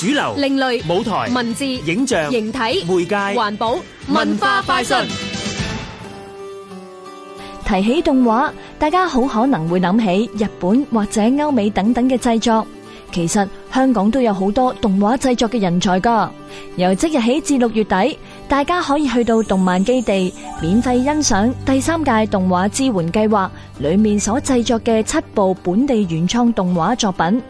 主流、另類、舞台、文字、影像、形體、媒介、環保、文化、快訊。提起動畫，大家好可能會諗起日本或者歐美等等嘅製作。其實香港都有好多動畫製作嘅人才噶。由即日起至六月底。大家可以去到動漫基地免費欣賞第三屆動畫支援計劃裏面所製作嘅七部本地原創動畫作品。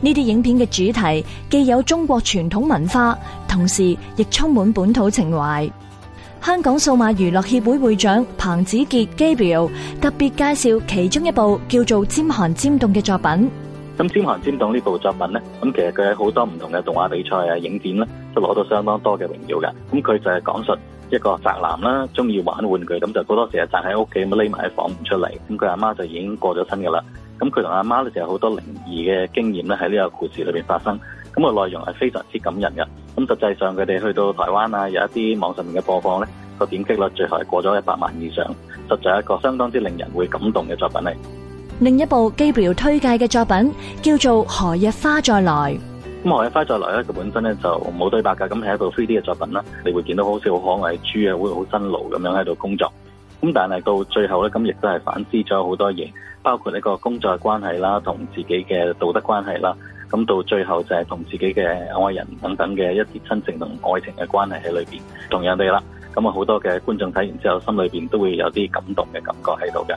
呢啲影片嘅主題既有中國傳統文化，同時亦充滿本土情懷。香港數碼娛樂協會會長彭子傑 Gabriel 特別介紹其中一部叫做《尖寒尖凍》嘅作品。咁《天寒尖凍》呢部作品呢，咁其實佢有好多唔同嘅動畫比賽啊、影展呢，都攞到相當多嘅榮耀嘅。咁佢就係講述一個宅男啦，中意玩玩具，咁就好多時啊宅喺屋企咁匿埋喺房唔出嚟。咁佢阿媽就已經過咗身噶啦。咁佢同阿媽呢，就有好多靈異嘅經驗咧喺呢個故事裏邊發生。咁個內容係非常之感人嘅。咁實際上佢哋去到台灣啊，有一啲網上面嘅播放呢，個點擊率最後係過咗一百萬以上，實在係一個相當之令人會感動嘅作品嚟。另一部基表推介嘅作品叫做《何日花再來》。咁《何日花再來》咧，佢本身咧就冇對白嘅，咁係一部 3D 嘅作品啦。你會見到好似好可愛豬啊，會好辛勞咁樣喺度工作。咁但係到最後咧，咁亦都係反思咗好多嘢，包括呢個工作嘅關係啦，同自己嘅道德關係啦。咁到最後就係同自己嘅愛人等等嘅一啲親情同愛情嘅關係喺裏邊，同樣哋啦。咁啊，好多嘅觀眾睇完之後，心裏邊都會有啲感動嘅感覺喺度嘅。